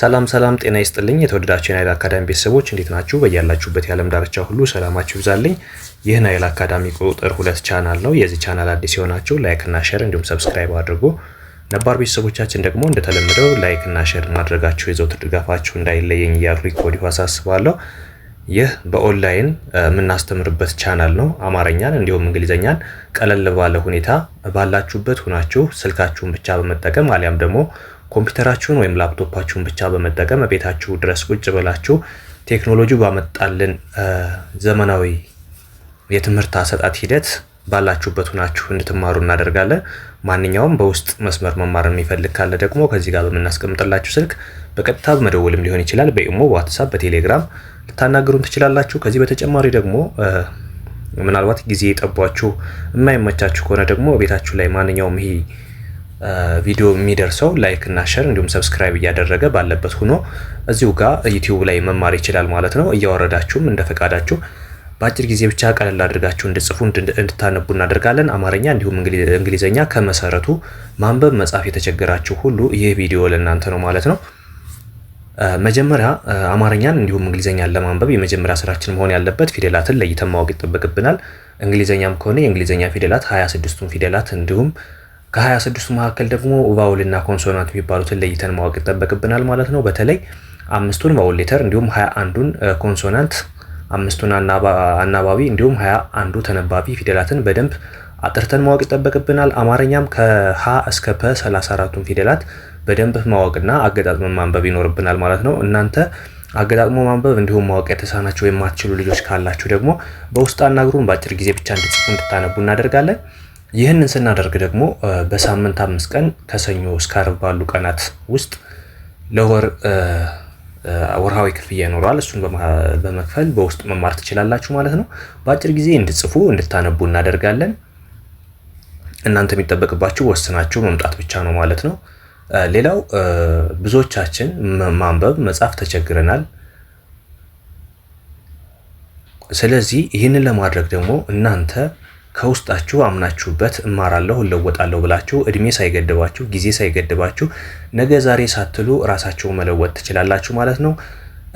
ሰላም ሰላም፣ ጤና ይስጥልኝ የተወደዳችሁ የናይል አካዳሚ ቤተሰቦች እንዴት ናችሁ? በያላችሁበት የዓለም ዳርቻ ሁሉ ሰላማችሁ ይብዛልኝ። ይህ ናይል አካዳሚ ቁጥር ሁለት ቻናል ነው። የዚህ ቻናል አዲስ የሆናችሁ ላይክና ሼር እንዲሁም ሰብስክራይብ አድርጉ። ነባር ቤተሰቦቻችን ደግሞ እንደተለመደው ላይክና ሼር ማድረጋችሁ የዘውትር ድጋፋችሁ እንዳይለየኝ እያልኩ ከወዲሁ አሳስባለሁ። ይህ በኦንላይን የምናስተምርበት ቻናል ነው። አማርኛን እንዲሁም እንግሊዝኛን ቀለል ባለ ሁኔታ ባላችሁበት ሁናችሁ ስልካችሁን ብቻ በመጠቀም አሊያም ደግሞ ኮምፒውተራችሁን ወይም ላፕቶፓችሁን ብቻ በመጠቀም ቤታችሁ ድረስ ቁጭ ብላችሁ ቴክኖሎጂ ባመጣልን ዘመናዊ የትምህርት አሰጣት ሂደት ባላችሁበት ሁናችሁ እንድትማሩ እናደርጋለን። ማንኛውም በውስጥ መስመር መማር የሚፈልግ ካለ ደግሞ ከዚህ ጋር በምናስቀምጥላችሁ ስልክ በቀጥታ መደወልም ሊሆን ይችላል። በኢሞ፣ በዋትሳፕ፣ በቴሌግራም ልታናግሩን ትችላላችሁ። ከዚህ በተጨማሪ ደግሞ ምናልባት ጊዜ የጠቧችሁ የማይመቻችሁ ከሆነ ደግሞ ቤታችሁ ላይ ማንኛውም ይሄ ቪዲዮ የሚደርሰው ላይክ እና ሸር እንዲሁም ሰብስክራይብ እያደረገ ባለበት ሆኖ እዚሁ ጋር ዩቲዩብ ላይ መማር ይችላል ማለት ነው። እያወረዳችሁም እንደፈቃዳችሁ በአጭር ጊዜ ብቻ ቀለል አድርጋችሁ እንድጽፉ እንድታነቡ እናደርጋለን። አማርኛ እንዲሁም እንግሊዝኛ ከመሰረቱ ማንበብ መጻፍ የተቸገራችሁ ሁሉ ይህ ቪዲዮ ለእናንተ ነው ማለት ነው። መጀመሪያ አማርኛን እንዲሁም እንግሊዝኛን ለማንበብ የመጀመሪያ ስራችን መሆን ያለበት ፊደላትን ለይተን ማወቅ ይጠበቅብናል። እንግሊዝኛም ከሆነ የእንግሊዝኛ ፊደላት 26ቱን ፊደላት እንዲሁም ከ26ቱ መካከል ደግሞ ቫውልና ኮንሶናንት የሚባሉትን ለይተን ማወቅ ይጠበቅብናል ማለት ነው። በተለይ አምስቱን ቫውል ሌተር እንዲሁም 21 አንዱን ኮንሶናንት አምስቱን አናባቢ እንዲሁም ሀያ አንዱ ተነባቢ ፊደላትን በደንብ አጥርተን ማወቅ ይጠበቅብናል። አማርኛም ከሀ እስከ ፐ 34ቱን ፊደላት በደንብ ማወቅና አገጣጥመ ማንበብ ይኖርብናል ማለት ነው። እናንተ አገጣጥሞ ማንበብ እንዲሁም ማወቅ የተሳናቸው የማትችሉ ልጆች ካላችሁ ደግሞ በውስጥ አናግሩን። በአጭር ጊዜ ብቻ እንድጽፉ እንድታነቡ እናደርጋለን። ይህንን ስናደርግ ደግሞ በሳምንት አምስት ቀን ከሰኞ እስከ አርብ ባሉ ቀናት ውስጥ ለወር ወርሃዊ ክፍያ ይኖረዋል። እሱን በመክፈል በውስጥ መማር ትችላላችሁ ማለት ነው። በአጭር ጊዜ እንድጽፉ እንድታነቡ እናደርጋለን። እናንተ የሚጠበቅባችሁ ወስናችሁ መምጣት ብቻ ነው ማለት ነው። ሌላው ብዙዎቻችን ማንበብ መጻፍ ተቸግረናል። ስለዚህ ይህንን ለማድረግ ደግሞ እናንተ ከውስጣችሁ አምናችሁበት እማራለሁ እለወጣለሁ ብላችሁ እድሜ ሳይገድባችሁ ጊዜ ሳይገድባችሁ ነገ ዛሬ ሳትሉ ራሳችሁ መለወጥ ትችላላችሁ ማለት ነው።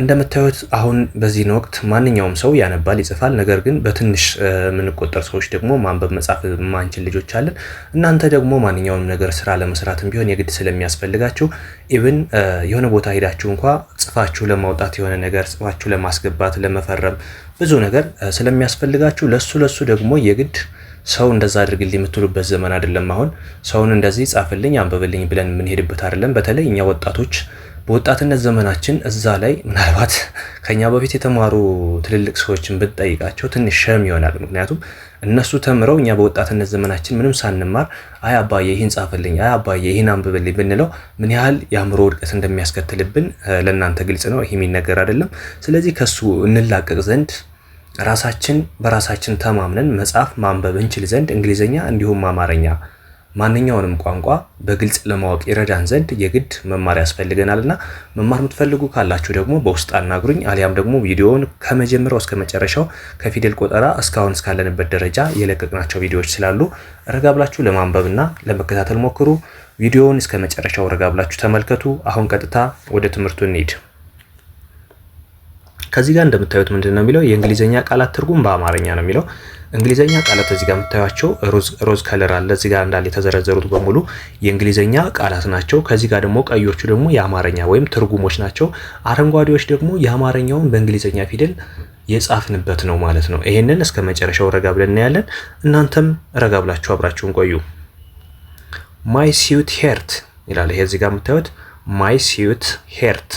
እንደምታዩት አሁን በዚህን ወቅት ማንኛውም ሰው ያነባል፣ ይጽፋል። ነገር ግን በትንሽ የምንቆጠር ሰዎች ደግሞ ማንበብ መጻፍ የማንችል ልጆች አለን። እናንተ ደግሞ ማንኛውም ነገር ስራ ለመስራትም ቢሆን የግድ ስለሚያስፈልጋችሁ ኢብን የሆነ ቦታ ሄዳችሁ እንኳ ጽፋችሁ ለማውጣት የሆነ ነገር ጽፋችሁ ለማስገባት ለመፈረም ብዙ ነገር ስለሚያስፈልጋችሁ ለሱ ለሱ ደግሞ የግድ ሰው እንደዛ አድርግልኝ የምትሉበት ዘመን አይደለም። አሁን ሰውን እንደዚህ ጻፍልኝ፣ አንብብልኝ ብለን የምንሄድበት አይደለም። በተለይ እኛ ወጣቶች በወጣትነት ዘመናችን እዛ ላይ ምናልባት ከኛ በፊት የተማሩ ትልልቅ ሰዎችን ብንጠይቃቸው ትንሽ ሸም ይሆናል። ምክንያቱም እነሱ ተምረው እኛ በወጣትነት ዘመናችን ምንም ሳንማር አይ አባዬ ይህን ጻፍልኝ፣ አይ አባዬ ይህን አንብብልኝ ብንለው ምን ያህል የአእምሮ ውድቀት እንደሚያስከትልብን ለእናንተ ግልጽ ነው። ይህ የሚነገር አይደለም። ስለዚህ ከሱ እንላቀቅ ዘንድ ራሳችን በራሳችን ተማምነን መጽሐፍ ማንበብ እንችል ዘንድ እንግሊዝኛ እንዲሁም አማርኛ ማንኛውንም ቋንቋ በግልጽ ለማወቅ ይረዳን ዘንድ የግድ መማር ያስፈልገናል እና መማር የምትፈልጉ ካላችሁ ደግሞ በውስጥ አናግሩኝ፣ አሊያም ደግሞ ቪዲዮውን ከመጀመሪያው እስከ መጨረሻው ከፊደል ቆጠራ እስካሁን እስካለንበት ደረጃ የለቀቅናቸው ቪዲዮዎች ስላሉ ረጋ ብላችሁ ለማንበብና ለመከታተል ሞክሩ። ቪዲዮውን እስከ መጨረሻው ረጋ ብላችሁ ተመልከቱ። አሁን ቀጥታ ወደ ትምህርቱ እንሂድ። ከዚህ ጋር እንደምታዩት ምንድን ነው የሚለው የእንግሊዝኛ ቃላት ትርጉም በአማርኛ ነው የሚለው እንግሊዘኛ ቃላት እዚህ ጋር የምታዩቸው ሮዝ ከለር አለ። እዚህ ጋር እንዳለ የተዘረዘሩት በሙሉ የእንግሊዘኛ ቃላት ናቸው። ከዚህ ጋር ደግሞ ቀዮቹ ደግሞ የአማርኛ ወይም ትርጉሞች ናቸው። አረንጓዴዎች ደግሞ የአማርኛውን በእንግሊዘኛ ፊደል የጻፍንበት ነው ማለት ነው። ይሄንን እስከ መጨረሻው ረጋ ብለን እናያለን። እናንተም ረጋ ብላችሁ አብራችሁን ቆዩ። ማይ ሲዩት ሄርት ይላል። ይሄ እዚህ ጋር የምታዩት ማይ ሲዩት ሄርት፣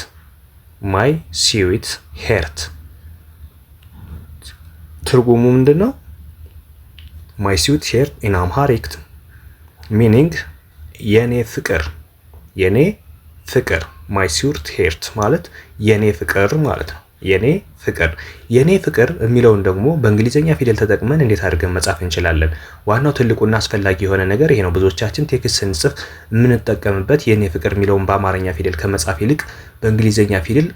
ማይ ሲዩት ሄርት ትርጉሙ ምንድን ነው? ማይ ስዊት ሼር ኢን አምሃሪክ ሚኒንግ የኔ ፍቅር የኔ ፍቅር ማይ ስዊት ሄርት ማለት የኔ ፍቅር ማለት ነው። የኔ ፍቅር የኔ ፍቅር የሚለውን ደግሞ በእንግሊዝኛ ፊደል ተጠቅመን እንዴት አድርገን መጻፍ እንችላለን? ዋናው ትልቁና አስፈላጊ የሆነ ነገር ይሄ ነው። ብዙዎቻችን ቴክስት ስንጽፍ የምንጠቀምበት የኔ ፍቅር የሚለውን በአማርኛ ፊደል ከመጻፍ ይልቅ በእንግሊዝኛ ፊደል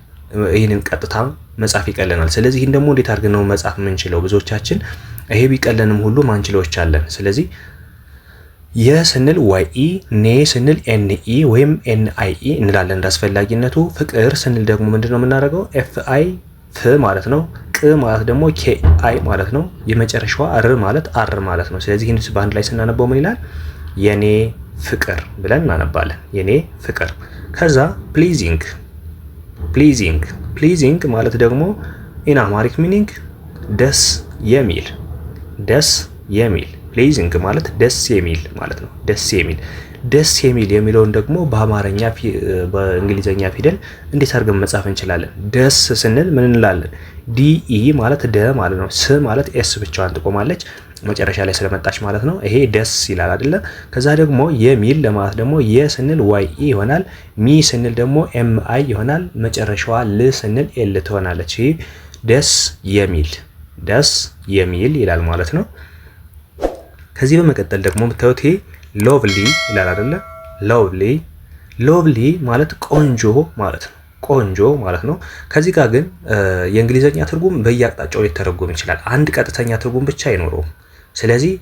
ይህንን ቀጥታም መጻፍ ይቀለናል። ስለዚህ ይህን ደግሞ እንዴት አድርገን ነው መጻፍ የምንችለው? ብዙዎቻችን ይሄ ቢቀለንም ሁሉ ማንችለዎች አለን። ስለዚህ የ ስንል ዋይ ኢ፣ ኔ ስንል ኤን ኢ ወይም ኤን አይ ኢ እንላለን እንዳስፈላጊነቱ። ፍቅር ስንል ደግሞ ምንድን ነው የምናደርገው? ኤፍ አይ ፍ ማለት ነው። ቅ ማለት ደግሞ ኬ አይ ማለት ነው። የመጨረሻዋ ር ማለት አር ማለት ነው። ስለዚህ ይህን በአንድ ላይ ስናነበው ምን ይላል? የኔ ፍቅር ብለን እናነባለን። የኔ ፍቅር ከዛ ፕሊዚንግ ፕሊዚንግ ፕሊዚንግ ማለት ደግሞ ኢን አማሪክ ሚኒንግ ደስ የሚል ደስ የሚል ፕሊዚንግ ማለት ደስ የሚል ማለት ነው። ደስ የሚል ደስ የሚል የሚለውን ደግሞ በአማርኛ በእንግሊዘኛ ፊደል እንዴት አድርገን መጻፍ እንችላለን? ደስ ስንል ምን እንላለን? ዲኢ ማለት ደ ማለት ነው። ስ ማለት ኤስ ብቻዋን ትቆማለች። መጨረሻ ላይ ስለመጣች ማለት ነው። ይሄ ደስ ይላል አይደለ? ከዛ ደግሞ የሚል ለማለት ደግሞ የ ስንል ዋይ ኢ ይሆናል። ሚ ስንል ደግሞ ኤም አይ ይሆናል። መጨረሻዋ ል ስንል ኤል ትሆናለች። ይሄ ደስ የሚል ደስ የሚል ይላል ማለት ነው። ከዚህ በመቀጠል ደግሞ የምታዩት ይሄ ሎቭሊ ይላል አይደለ? ሎቭሊ ሎቭሊ ማለት ቆንጆ ማለት ነው ቆንጆ ማለት ነው። ከዚህ ጋር ግን የእንግሊዘኛ ትርጉም በየአቅጣጫው ሊተረጎም ይችላል። አንድ ቀጥተኛ ትርጉም ብቻ አይኖረውም። ስለዚህ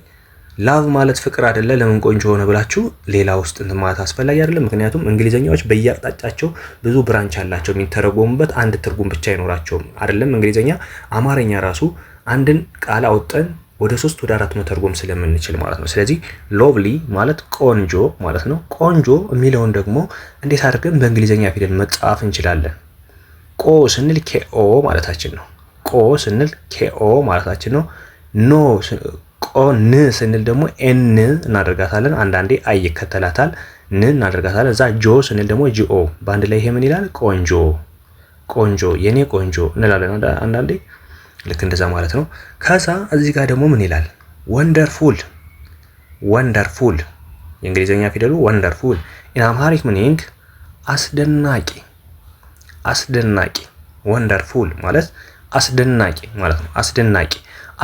ላቭ ማለት ፍቅር አይደለ፣ ለምን ቆንጆ ሆነ ብላችሁ ሌላ ውስጥ እንትን ማለት አስፈላጊ አይደለም። ምክንያቱም እንግሊዘኛዎች በየአቅጣጫቸው ብዙ ብራንች አላቸው። የሚተረጎሙበት አንድ ትርጉም ብቻ አይኖራቸውም። አይደለም እንግሊዘኛ፣ አማርኛ ራሱ አንድን ቃል አውጠን ወደ ሶስት ወደ አራት መተርጎም ስለምንችል ማለት ነው። ስለዚህ ሎቭሊ ማለት ቆንጆ ማለት ነው። ቆንጆ የሚለውን ደግሞ እንዴት አድርገን በእንግሊዘኛ ፊደል መጻፍ እንችላለን? ቆ ስንል ኬኦ ማለታችን ነው። ቆ ስንል ኬኦ ማለታችን ነው። ኖ ን ስንል ደግሞ ኤን እናደርጋታለን። አንዳንዴ አይ ይከተላታል፣ ን እናደርጋታለን። እዛ ጆ ስንል ደግሞ ጂኦ በአንድ ላይ ይሄ ምን ይላል? ቆንጆ ቆንጆ፣ የኔ ቆንጆ እንላለን አንዳንዴ ልክ እንደዛ ማለት ነው። ከዛ እዚህ ጋር ደግሞ ምን ይላል? ወንደርፉል ወንደርፉል፣ የእንግሊዝኛ ፊደሉ ወንደርፉል። ኢናምሃሪክ ምኒንግ አስደናቂ አስደናቂ፣ ወንደርፉል ማለት አስደናቂ ማለት ነው። አስደናቂ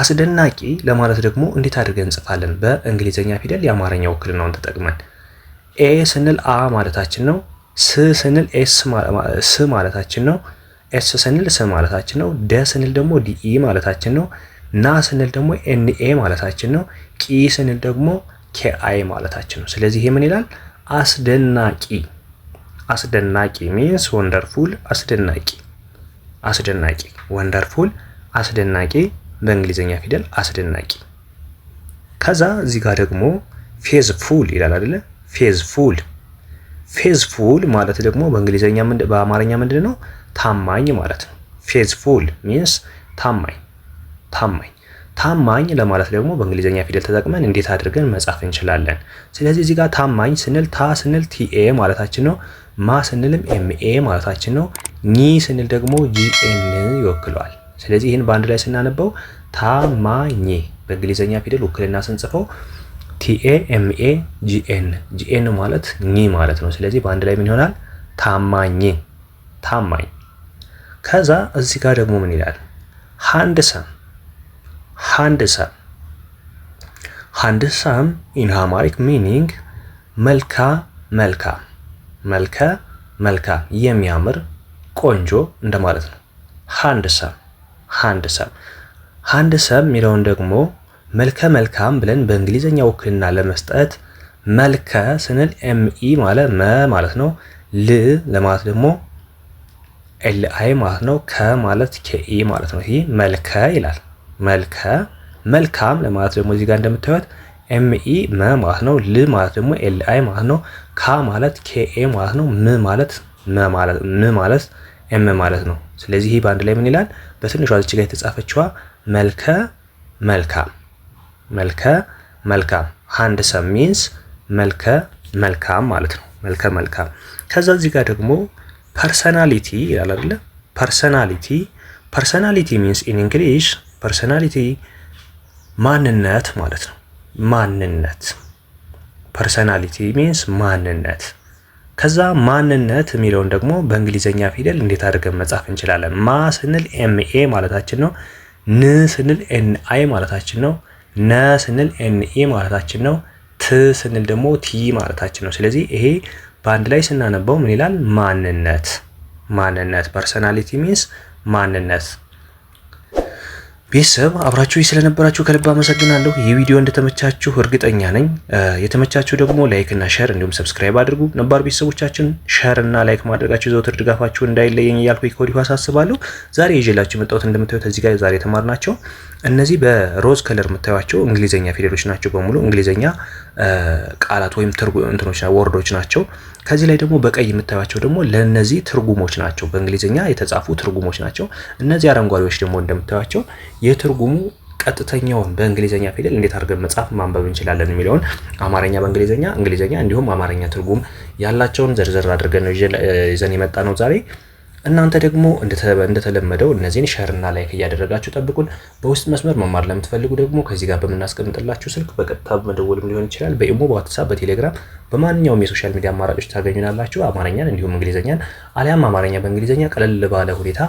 አስደናቂ ለማለት ደግሞ እንዴት አድርገን እንጽፋለን? በእንግሊዘኛ ፊደል የአማርኛ ውክልናውን ተጠቅመን ኤ ስንል አ ማለታችን ነው። ስ ስንል ስ ማለታችን ነው። ኤስ ስንል ስ ማለታችን ነው። ደ ስንል ደግሞ ዲኢ ማለታችን ነው። ና ስንል ደግሞ ኤንኤ ማለታችን ነው። ቂ ስንል ደግሞ ኬአይ ማለታችን ነው። ስለዚህ ይሄ ምን ይላል? አስደናቂ አስደናቂ ሚንስ ወንደርፉል አስደናቂ አስደናቂ ወንደርፉል አስደናቂ በእንግሊዝኛ ፊደል አስደናቂ። ከዛ እዚህ ጋር ደግሞ ፌዝ ፉል ይላል አይደለ? ፌዝ ፉል ፌዝ ፉል ማለት ደግሞ በእንግሊዝኛ በአማርኛ ምንድን ነው? ታማኝ ማለት ነው። ፌዝ ፉል ሚንስ ታማኝ ታማኝ ታማኝ ለማለት ደግሞ በእንግሊዝኛ ፊደል ተጠቅመን እንዴት አድርገን መጻፍ እንችላለን? ስለዚህ እዚህ ጋር ታማኝ ስንል ታ ስንል ቲኤ ማለታችን ነው። ማ ስንልም ኤምኤ ማለታችን ነው። ኒ ስንል ደግሞ ጂኤን ይወክለዋል። ስለዚህ ይህን በአንድ ላይ ስናነበው ታማኝ በእንግሊዝኛ ፊደል ውክልና ስንጽፈው ቲኤ ኤምኤ ጂኤን ጂኤን ማለት ኝ ማለት ነው። ስለዚህ በአንድ ላይ ምን ይሆናል? ታማኝ ታማኝ። ከዛ እዚህ ጋር ደግሞ ምን ይላል? ሃንድሰም ሃንድሰም ሃንድሰም ኢን ሃማሪክ ሚኒንግ መልካ መልካ መልከ መልካም የሚያምር ቆንጆ እንደማለት ነው። ሃንድሰም ሃንድሰም ሃንድሰም የሚለውን ደግሞ መልከ መልካም ብለን በእንግሊዝኛ ውክልና ለመስጠት መልከ ስንል ኤምኢ ማለት መ ማለት ነው። ል ለማለት ደግሞ ኤል አይ ማለት ነው። ከ ማለት ኢ ማለት ነው። ይህ መልከ ይላል። መልከ መልካም ለማለት ደግሞ እዚህ ጋር እንደምታዩት ኤምኢ መ ማለት ነው። ል ማለት ደግሞ ኤል አይ ማለት ነው። ካ ማለት ኤ ማለት ነው። ም ማለት ም ማለት ኤም ማለት ነው። ስለዚህ ይህ በአንድ ላይ ምን ይላል? በትንሿ ዝች ጋር የተጻፈችዋ መልከ መልካም መልከ መልካም ሃንድ ሰም ሚንስ መልከ መልካም ማለት ነው። መልከ መልካም። ከዛ እዚህ ጋር ደግሞ ፐርሰናሊቲ ይላል አይደለ? ፐርሰናሊቲ ፐርሰናሊቲ ሚንስ ኢን እንግሊሽ ፐርሰናሊቲ ማንነት ማለት ነው። ማንነት ፐርሰናሊቲ ሚንስ ማንነት ከዛ ማንነት የሚለውን ደግሞ በእንግሊዘኛ ፊደል እንዴት አድርገን መጻፍ እንችላለን? ማ ስንል ኤምኤ ማለታችን ነው። ን ስንል ኤን አይ ማለታችን ነው። ነ ስንል ኤን ኤ ማለታችን ነው። ት ስንል ደግሞ ቲ ማለታችን ነው። ስለዚህ ይሄ በአንድ ላይ ስናነበው ምን ይላል? ማንነት ማንነት ፐርሰናሊቲ ሚንስ ማንነት ቤተሰብ አብራችሁ ስለነበራችሁ ከልብ አመሰግናለሁ። ይህ ቪዲዮ እንደተመቻችሁ እርግጠኛ ነኝ። የተመቻችሁ ደግሞ ላይክ እና ሼር እንዲሁም ሰብስክራይብ አድርጉ። ነባር ቤተሰቦቻችን ሼር እና ላይክ ማድረጋችሁ ዘውትር ድጋፋችሁ እንዳይለየኝ እያልኩ ከወዲሁ አሳስባለሁ። ዛሬ ይዤላችሁ የመጣሁት እንደምታዩት እዚህ ጋር ዛሬ ናቸው። እነዚህ በሮዝ ከለር የምታዩቸው እንግሊዝኛ ፊደሎች ናቸው። በሙሉ እንግሊዝኛ ቃላት ወይም እንትኖች ወርዶች ናቸው። ከዚህ ላይ ደግሞ በቀይ የምታዩቸው ደግሞ ለነዚህ ትርጉሞች ናቸው፣ በእንግሊዝኛ የተጻፉ ትርጉሞች ናቸው። እነዚህ አረንጓዴዎች ደግሞ እንደምታዩቸው የትርጉሙ ቀጥተኛውን በእንግሊዝኛ ፊደል እንዴት አድርገን መጻፍ ማንበብ እንችላለን የሚለውን አማርኛ በእንግሊዝኛ እንግሊዝኛ እንዲሁም አማርኛ ትርጉም ያላቸውን ዘርዘር አድርገን ይዘን የመጣ ነው ዛሬ እናንተ ደግሞ እንደተለመደው እነዚህን ሸርና ላይክ እያደረጋችሁ ጠብቁን። በውስጥ መስመር መማር ለምትፈልጉ ደግሞ ከዚህ ጋር በምናስቀምጥላችሁ ስልክ በቀጥታ በመደወልም ሊሆን ይችላል። በኢሞ፣ በዋትሳፕ፣ በቴሌግራም በማንኛውም የሶሻል ሚዲያ አማራጮች ታገኙናላችሁ። አማርኛን እንዲሁም እንግሊዝኛን አሊያም አማርኛ በእንግሊዝኛ ቀለል ባለ ሁኔታ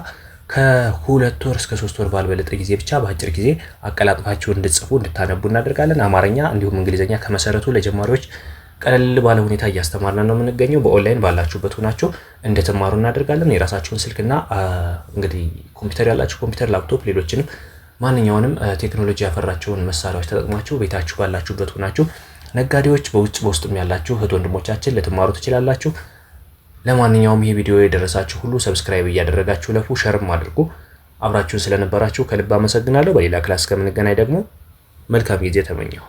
ከሁለት ወር እስከ ሶስት ወር ባልበለጠ ጊዜ ብቻ በአጭር ጊዜ አቀላጥፋችሁ እንድትጽፉ እንድታነቡ እናደርጋለን። አማርኛ እንዲሁም እንግሊዝኛ ከመሰረቱ ለጀማሪዎች ቀለል ባለ ሁኔታ እያስተማርን ነው የምንገኘው። በኦንላይን ባላችሁበት ሆናችሁ እንደተማሩ እናደርጋለን። የራሳችሁን ስልክና እንግዲህ ኮምፒውተር ያላችሁ ኮምፒውተር፣ ላፕቶፕ፣ ሌሎችንም ማንኛውንም ቴክኖሎጂ ያፈራቸውን መሳሪያዎች ተጠቅማችሁ ቤታችሁ ባላችሁበት ሆናችሁ ነጋዴዎች፣ በውጭ በውስጥም ያላችሁ እህት ወንድሞቻችን ልትማሩ ትችላላችሁ። ለማንኛውም ይህ ቪዲዮ የደረሳችሁ ሁሉ ሰብስክራይብ እያደረጋችሁ ለፉ ሸርም አድርጉ። አብራችሁን ስለነበራችሁ ከልብ አመሰግናለሁ። በሌላ ክላስ ከምንገናኝ ደግሞ መልካም ጊዜ ተመኘሁ።